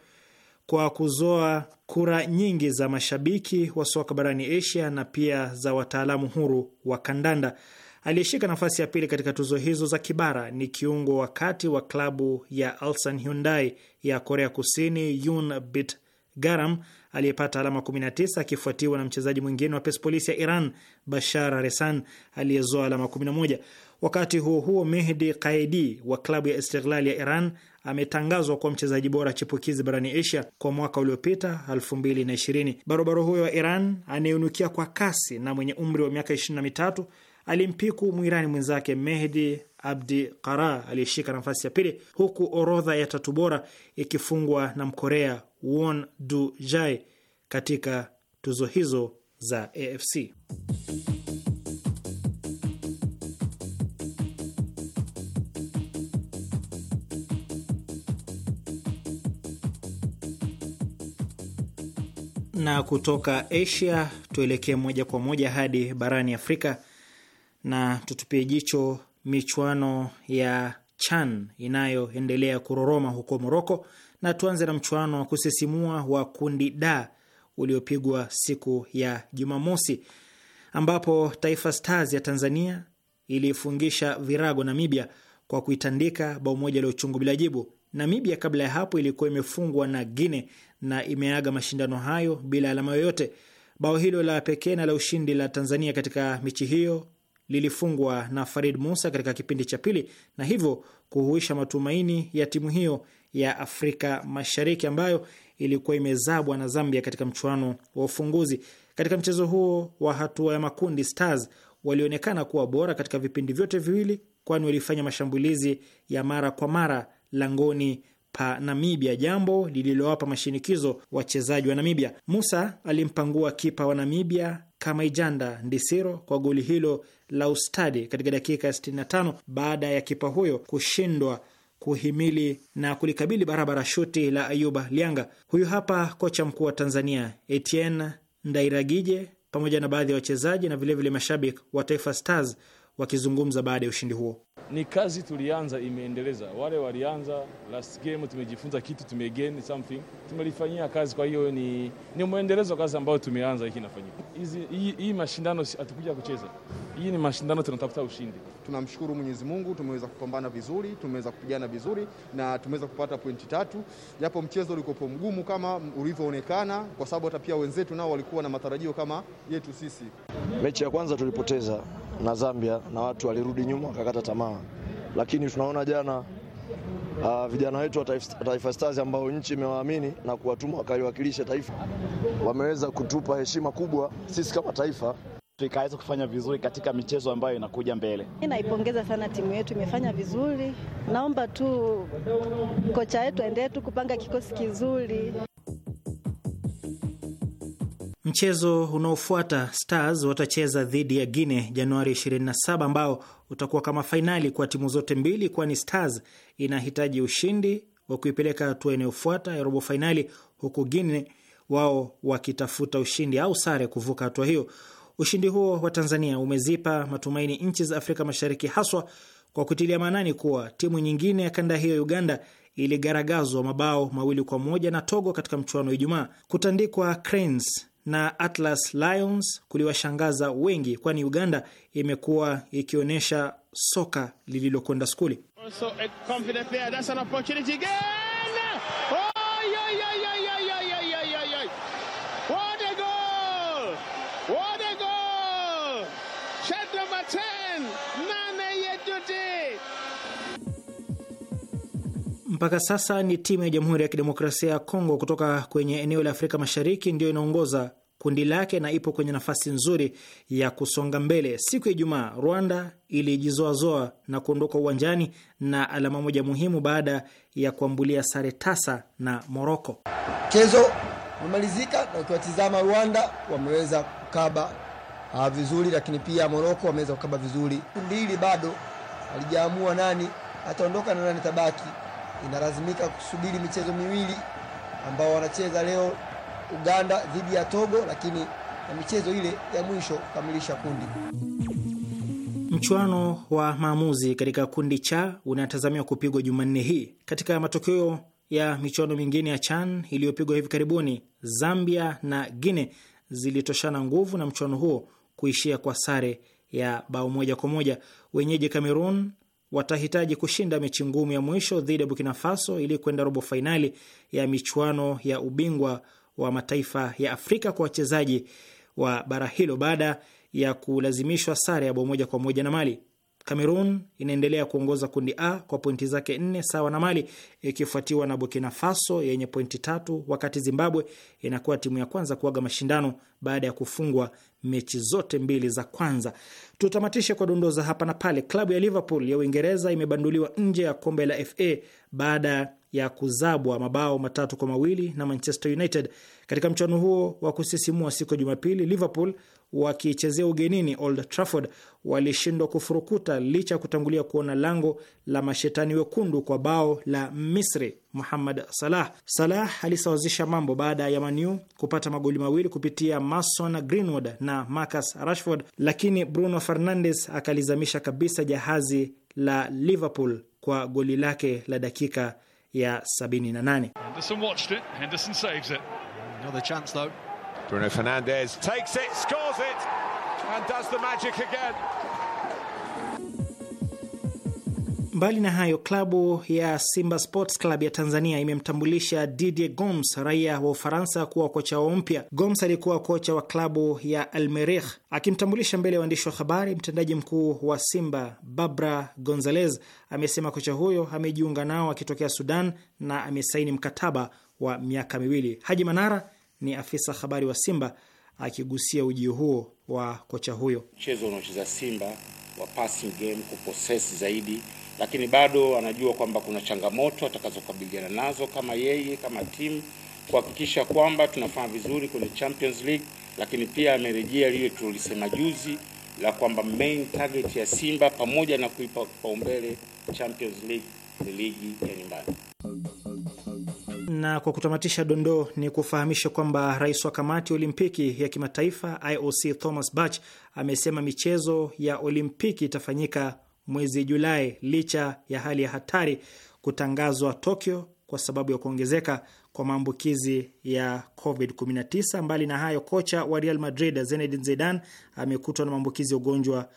kwa kuzoa kura nyingi za mashabiki wa soka barani Asia na pia za wataalamu huru wa kandanda. Aliyeshika nafasi ya pili katika tuzo hizo za kibara ni kiungo wa kati wa klabu ya Ulsan Hyundai ya Korea Kusini, yun Bit Garam aliyepata alama 19 akifuatiwa na mchezaji mwingine wa Persepolis ya Iran, Bashar Resan aliyezoa alama 11. Wakati huo huo, Mehdi Qaidi wa klabu ya Istiklal ya Iran ametangazwa kuwa mchezaji bora chipukizi barani Asia kwa mwaka uliopita 2020. Barobaro huyo wa Iran anayeunukia kwa kasi na mwenye umri wa miaka 23 alimpiku mwirani mwenzake Mehdi Abdi Qara aliyeshika nafasi ya pili, huku orodha ya tatu bora ikifungwa na Mkorea Won Du Jai katika tuzo hizo za AFC. na kutoka Asia tuelekee moja kwa moja hadi barani Afrika na tutupie jicho michuano ya CHAN inayoendelea kuroroma huko Moroko, na tuanze na mchuano wa kusisimua wa kundi da uliopigwa siku ya Jumamosi, ambapo Taifa Stars ya Tanzania ilifungisha virago Namibia kwa kuitandika bao moja la uchungu bila jibu. Namibia kabla ya hapo ilikuwa imefungwa na Guine na imeaga mashindano hayo bila alama yoyote. Bao hilo la pekee na la ushindi la Tanzania katika michi hiyo lilifungwa na Farid Musa katika kipindi cha pili na hivyo kuhuisha matumaini ya timu hiyo ya Afrika Mashariki ambayo ilikuwa imezabwa na Zambia katika mchuano wa ufunguzi. Katika mchezo huo wa hatua ya makundi, Stars walionekana kuwa bora katika vipindi vyote viwili, kwani walifanya mashambulizi ya mara kwa mara langoni pa Namibia, jambo lililowapa mashinikizo wachezaji wa Namibia. Musa alimpangua kipa wa Namibia kama ijanda Ndisiro kwa goli hilo la ustadi katika dakika ya 65 baada ya kipa huyo kushindwa kuhimili na kulikabili barabara shuti la Ayuba Lianga. Huyu hapa kocha mkuu wa Tanzania Etienne Ndairagije pamoja na baadhi ya wachezaji na vilevile mashabiki wa Taifa Stars wakizungumza baada ya ushindi huo ni kazi tulianza, imeendeleza. Wale walianza last game, tumejifunza kitu, tumegain something, tumelifanyia kazi. Kwa hiyo ni, ni mwendelezo wa kazi ambayo tumeanza, hiki inafanyika. Hii, hii mashindano hatukuja kucheza, hii ni mashindano, tunatafuta ushindi. Tunamshukuru Mwenyezi Mungu, tumeweza kupambana vizuri, tumeweza kupigana vizuri na tumeweza kupata pointi tatu, japo mchezo ulikopo mgumu kama ulivyoonekana, kwa sababu hata pia wenzetu nao walikuwa na matarajio kama yetu sisi. Mechi ya kwanza tulipoteza na Zambia na watu walirudi nyuma wakakata tamaa, lakini tunaona jana Uh, vijana wetu wa Taifa Stars ambao nchi imewaamini na kuwatuma wakaliwakilisha taifa wameweza kutupa heshima kubwa sisi kama taifa ikaweza kufanya vizuri katika michezo ambayo inakuja mbele. Naipongeza sana timu yetu, imefanya vizuri. Naomba tu kocha wetu aendelee tu kupanga kikosi kizuri. Mchezo unaofuata Stars watacheza dhidi ya Guine Januari 27, ambao utakuwa kama fainali kwa timu zote mbili, kwani Stars inahitaji ushindi wa kuipeleka hatua inayofuata ya robo fainali, huku Guine wao wakitafuta ushindi au sare kuvuka hatua hiyo. Ushindi huo wa Tanzania umezipa matumaini nchi za Afrika Mashariki, haswa kwa kutilia maanani kuwa timu nyingine ya kanda hiyo Uganda iligaragazwa mabao mawili kwa moja na Togo katika mchuano wa Ijumaa. Kutandikwa Cranes na Atlas Lions kuliwashangaza wengi, kwani Uganda imekuwa ikionyesha soka lililokwenda skuli. Mpaka sasa ni timu ya Jamhuri ya Kidemokrasia ya Kongo kutoka kwenye eneo la Afrika Mashariki ndiyo inaongoza kundi lake na ipo kwenye nafasi nzuri ya kusonga mbele. Siku ya Ijumaa, Rwanda ilijizoazoa na kuondoka uwanjani na alama moja muhimu baada ya kuambulia sare tasa na Moroko. Mchezo umemalizika na ukiwatizama, Rwanda wameweza kukaba ah, vizuri, lakini pia Moroko wameweza kukaba vizuri. Kundi hili bado halijaamua nani ataondoka na nani tabaki inalazimika kusubiri michezo miwili ambao wanacheza leo Uganda dhidi ya Togo, lakini na michezo ile ya mwisho kukamilisha kundi. Mchuano wa maamuzi katika kundi cha unatazamiwa kupigwa Jumanne hii. Katika matokeo ya michuano mingine ya CHAN iliyopigwa hivi karibuni, Zambia na Guinea zilitoshana nguvu na mchuano huo kuishia kwa sare ya bao moja kwa moja. Wenyeji Cameroon watahitaji kushinda mechi ngumu ya mwisho dhidi ya Burkina Faso ili kwenda robo fainali ya michuano ya ubingwa wa mataifa ya Afrika kwa wachezaji wa bara hilo baada ya kulazimishwa sare ya bao moja kwa moja na Mali. Cameroon inaendelea kuongoza kundi A kwa pointi zake nne sawa na Mali, ikifuatiwa na Burkina Faso yenye pointi tatu, wakati Zimbabwe inakuwa timu ya kwanza kuaga mashindano baada ya kufungwa mechi zote mbili za kwanza. Tutamatishe kwa dondoza hapa na pale. Klabu ya Liverpool ya Uingereza imebanduliwa nje ya kombe la FA baada ya kuzabwa mabao matatu kwa mawili na Manchester United katika mchuano huo wa kusisimua siku ya Jumapili. Liverpool wakichezea ugenini Old Trafford walishindwa kufurukuta licha ya kutangulia kuona lango la mashetani wekundu kwa bao la Misri Muhammad Salah. Salah alisawazisha mambo baada ya Manu kupata magoli mawili kupitia Mason Greenwood na Marcus Rashford, lakini Bruno Fernandes akalizamisha kabisa jahazi la Liverpool kwa goli lake la dakika Yeah, ya Nanani. Henderson watched it. Henderson saves it. Another chance though. Bruno Fernandez takes it, scores it, and does the magic again. Mbali na hayo, klabu ya Simba Sports Club ya Tanzania imemtambulisha Didier Gomes, raia wa Ufaransa, kuwa kocha wao mpya. Gomes alikuwa kocha wa klabu ya Almerih. Akimtambulisha mbele ya waandishi wa habari, mtendaji mkuu wa Simba Babra Gonzalez amesema kocha huyo amejiunga nao akitokea Sudan na amesaini mkataba wa miaka miwili. Haji Manara ni afisa habari wa Simba akigusia ujio huo wa kocha huyo. Mchezo unaocheza Simba wa passing game, zaidi lakini bado anajua kwamba kuna changamoto atakazokabiliana nazo kama yeye kama timu kuhakikisha kwamba tunafanya vizuri kwenye Champions League, lakini pia amerejea lile tulisema juzi la kwamba main target ya Simba pamoja na kuipa kipaumbele Champions League ni ligi ya nyumbani. Na kwa kutamatisha dondoo ni kufahamisha kwamba rais wa kamati ya Olimpiki ya kimataifa IOC Thomas Bach amesema michezo ya Olimpiki itafanyika mwezi Julai licha ya hali ya hatari kutangazwa Tokyo kwa sababu ya kuongezeka kwa maambukizi ya COVID-19. Mbali na hayo, kocha wa Real Madrid Zinedine Zidane amekutwa na maambukizi ya ugonjwa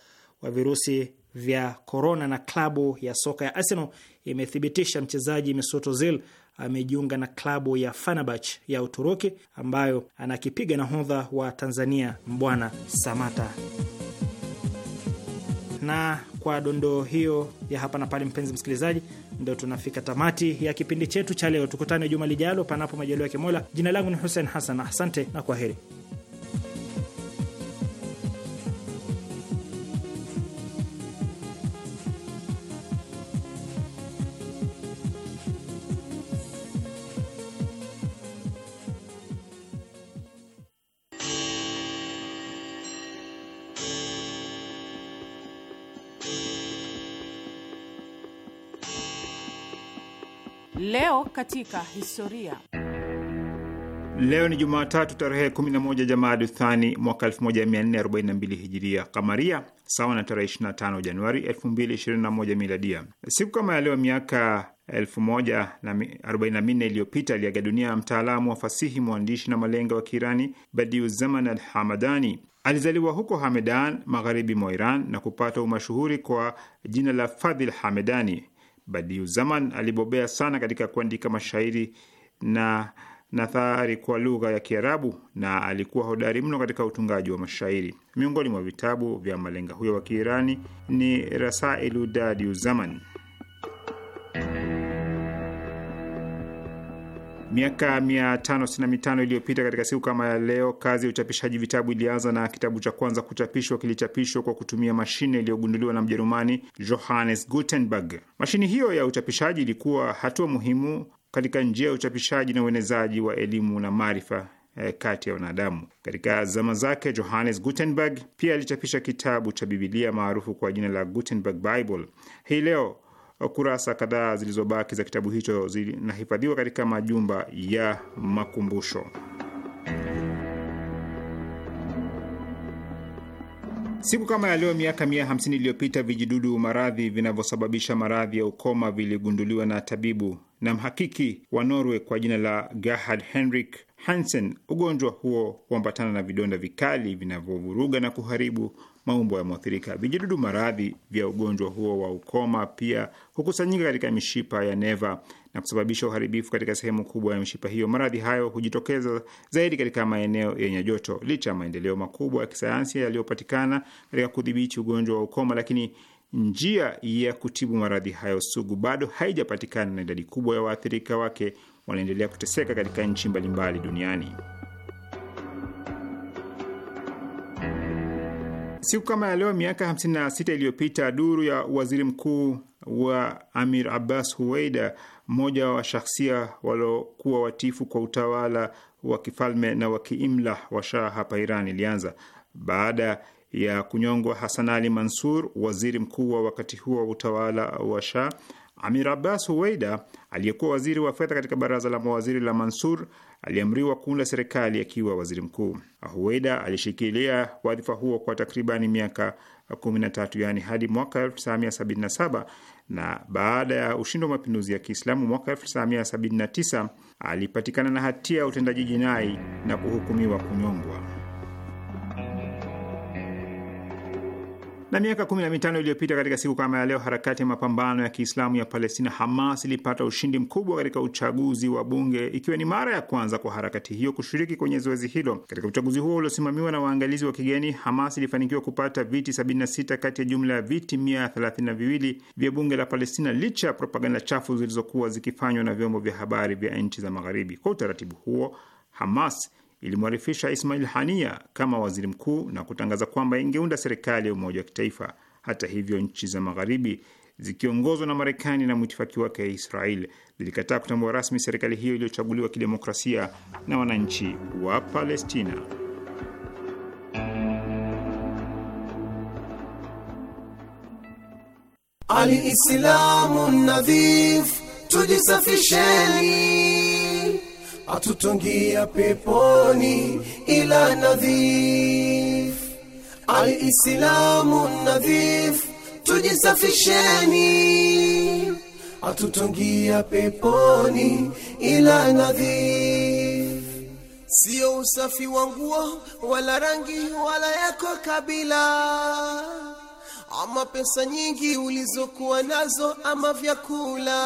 wa virusi vya korona, na klabu ya soka ya Arsenal imethibitisha mchezaji Mesut Ozil amejiunga na klabu ya Fenerbahce ya Uturuki ambayo anakipiga nahodha wa Tanzania Mbwana Samata. Na kwa dondoo hiyo ya hapa na pale, mpenzi msikilizaji, ndo tunafika tamati ya kipindi chetu cha leo. Tukutane juma lijalo, panapo majaliwa ya Mola. Jina langu ni Hussein Hassan, asante na kwa heri. Leo katika historia. Leo ni Jumatatu tarehe 11 Jamadi Uthani mwaka 1442 hijiria kamaria, sawa na tarehe 25 Januari 2021 miladia. Siku kama ya leo miaka 1044 iliyopita aliaga dunia mtaalamu wa fasihi, mwandishi na malenga wa Kiirani Badiuzaman al Hamadani. Alizaliwa huko Hamedan, magharibi mwa Iran, na kupata umashuhuri kwa jina la Fadhil Hamedani badiu zaman alibobea sana katika kuandika mashairi na nathari kwa lugha ya Kiarabu na alikuwa hodari mno katika utungaji wa mashairi. Miongoni mwa vitabu vya malenga huyo wa Kiirani ni Rasailu Dadiuzaman. Miaka 565 iliyopita katika siku kama ya leo, kazi ya uchapishaji vitabu ilianza na kitabu cha kwanza kuchapishwa kilichapishwa kwa kutumia mashine iliyogunduliwa na Mjerumani Johannes Gutenberg. Mashine hiyo ya uchapishaji ilikuwa hatua muhimu katika njia ya uchapishaji na uenezaji wa elimu na maarifa eh, kati ya wanadamu. Katika zama zake, Johannes Gutenberg pia alichapisha kitabu cha Bibilia maarufu kwa jina la Gutenberg Bible. Hii leo kurasa kadhaa zilizobaki za kitabu hicho zinahifadhiwa katika majumba ya makumbusho. Siku kama ya leo miaka mia hamsini iliyopita vijidudu maradhi vinavyosababisha maradhi ya ukoma viligunduliwa na tabibu na mhakiki wa Norway kwa jina la Gerhard Henrik Hansen. Ugonjwa huo huambatana na vidonda vikali vinavyovuruga na kuharibu maumbo ya mwathirika. Vijidudu maradhi vya ugonjwa huo wa ukoma pia hukusanyika katika mishipa ya neva na kusababisha uharibifu katika sehemu kubwa ya mishipa hiyo. Maradhi hayo hujitokeza zaidi katika maeneo yenye joto. Licha ya maendeleo makubwa ya kisayansi yaliyopatikana katika kudhibiti ugonjwa wa ukoma, lakini njia ya kutibu maradhi hayo sugu bado haijapatikana na idadi kubwa ya waathirika wake wanaendelea kuteseka katika nchi mbalimbali duniani. Siku kama ya leo miaka 56 iliyopita, duru ya waziri mkuu wa Amir Abbas Huweida, mmoja wa shahsia waliokuwa watifu kwa utawala wa kifalme na wa kiimla wa Shah hapa Iran ilianza baada ya kunyongwa Hasan Ali Mansur, waziri mkuu wa wakati huo wa utawala wa Shah. Amir Abbas Huweida aliyekuwa waziri wa fedha katika baraza la mawaziri la Mansur aliamriwa kuunda serikali akiwa waziri mkuu. Huweda alishikilia wadhifa huo kwa takribani miaka 13 yani hadi mwaka 1977 na baada ya ushindi wa mapinduzi ya Kiislamu mwaka 1979 alipatikana na hatia ya utendaji jinai na kuhukumiwa kunyongwa. Na miaka kumi na mitano iliyopita katika siku kama ya leo, harakati ya mapambano ya Kiislamu ya Palestina Hamas ilipata ushindi mkubwa katika uchaguzi wa bunge, ikiwa ni mara ya kwanza kwa harakati hiyo kushiriki kwenye zoezi hilo. Katika uchaguzi huo uliosimamiwa na waangalizi wa kigeni, Hamas ilifanikiwa kupata viti 76 kati ya jumla ya viti 132 vya bunge la Palestina, licha ya propaganda chafu zilizokuwa zikifanywa na vyombo vya habari vya nchi za Magharibi. Kwa utaratibu huo Hamas ilimwarifisha Ismail Hania kama waziri mkuu na kutangaza kwamba ingeunda serikali ya umoja wa kitaifa. Hata hivyo, nchi za magharibi zikiongozwa na Marekani na mwitifaki wake Israel zilikataa kutambua rasmi serikali hiyo iliyochaguliwa kidemokrasia na wananchi wa Palestina. nadhif, tujisafisheni atutungia peponi ila nadhif alislamu nadhif tujisafisheni atutungia peponi ila nadhif sio usafi wa nguo wala rangi wala yako kabila ama pesa nyingi ulizokuwa nazo ama vyakula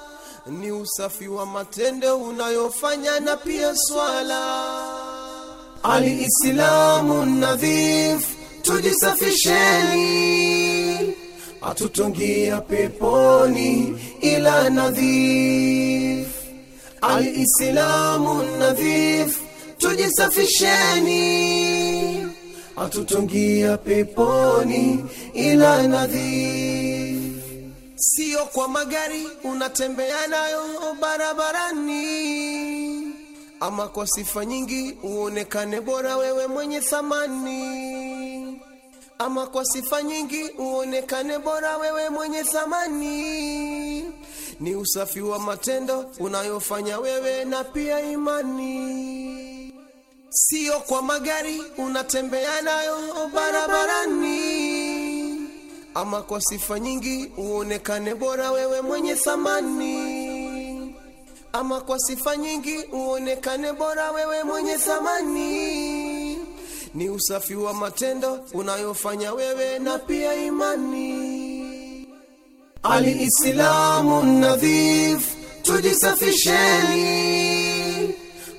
ni usafi wa matendo unayofanya na pia swala. Aliislamu nadhif, tujisafisheni, atutungia peponi ila nadhif. Aliislamu nadhif, tujisafisheni, atutungia peponi ila nadhif sio kwa magari unatembea nayo barabarani, ama kwa sifa nyingi uonekane bora wewe mwenye thamani, ama kwa sifa nyingi uonekane bora wewe mwenye thamani. Ni usafi wa matendo unayofanya wewe na pia imani, sio kwa magari unatembea nayo barabarani ama kwa sifa nyingi uonekane bora wewe mwenye thamani, ama kwa sifa nyingi uonekane bora wewe mwenye thamani. Ni usafi wa matendo unayofanya wewe na pia imani. Ali Islamu nadhif, tujisafisheni,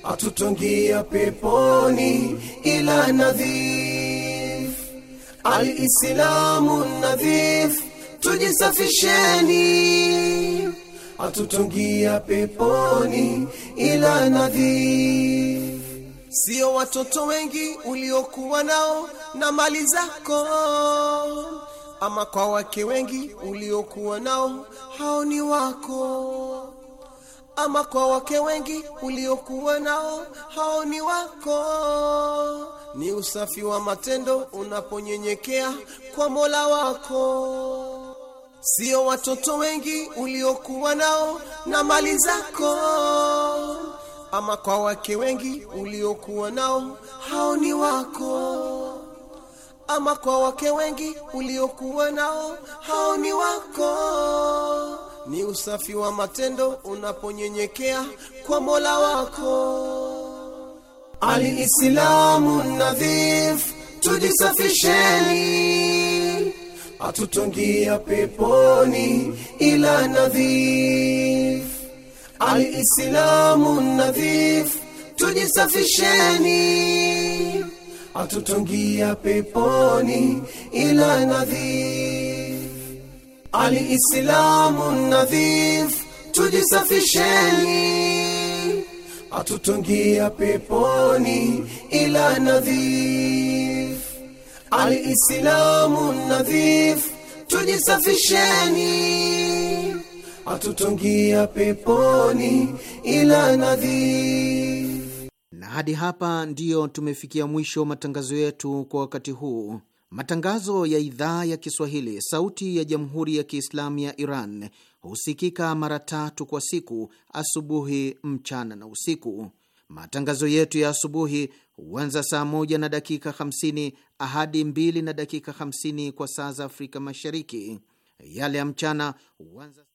atutongia peponi ila nadhif Alislamu nadhif, tujisafisheni, atutungia peponi ila nadhif. Sio watoto wengi uliokuwa nao na mali zako, ama kwa wake wengi uliokuwa nao, hao ni wako ama kwa wake wengi uliokuwa nao hao ni wako ni usafi wa matendo unaponyenyekea kwa Mola wako, sio watoto wengi uliokuwa nao na mali zako, ama kwa wake wengi uliokuwa nao hao ni wako, ama kwa wake wengi uliokuwa nao hao ni wako. Ni usafi wa matendo unaponyenyekea kwa Mola wako Aliislamu nadhif, tujisafisheni, atutungia peponi ila nadhif. Aliislamu nadhif, tujisafisheni, atutungia peponi ila nadhif. Aliislamu nadhif, tujisafisheni atutungia peponi ila nadhif alislamu nadhif tujisafisheni atutungia peponi ila nadhif na hadi hapa ndiyo tumefikia mwisho wa matangazo yetu kwa wakati huu matangazo ya idhaa ya kiswahili sauti ya jamhuri ya kiislamu ya iran husikika mara tatu kwa siku: asubuhi, mchana na usiku. Matangazo yetu ya asubuhi huanza saa moja na dakika 50 ahadi mbili na dakika 50 kwa saa za Afrika Mashariki. Yale ya mchana huanza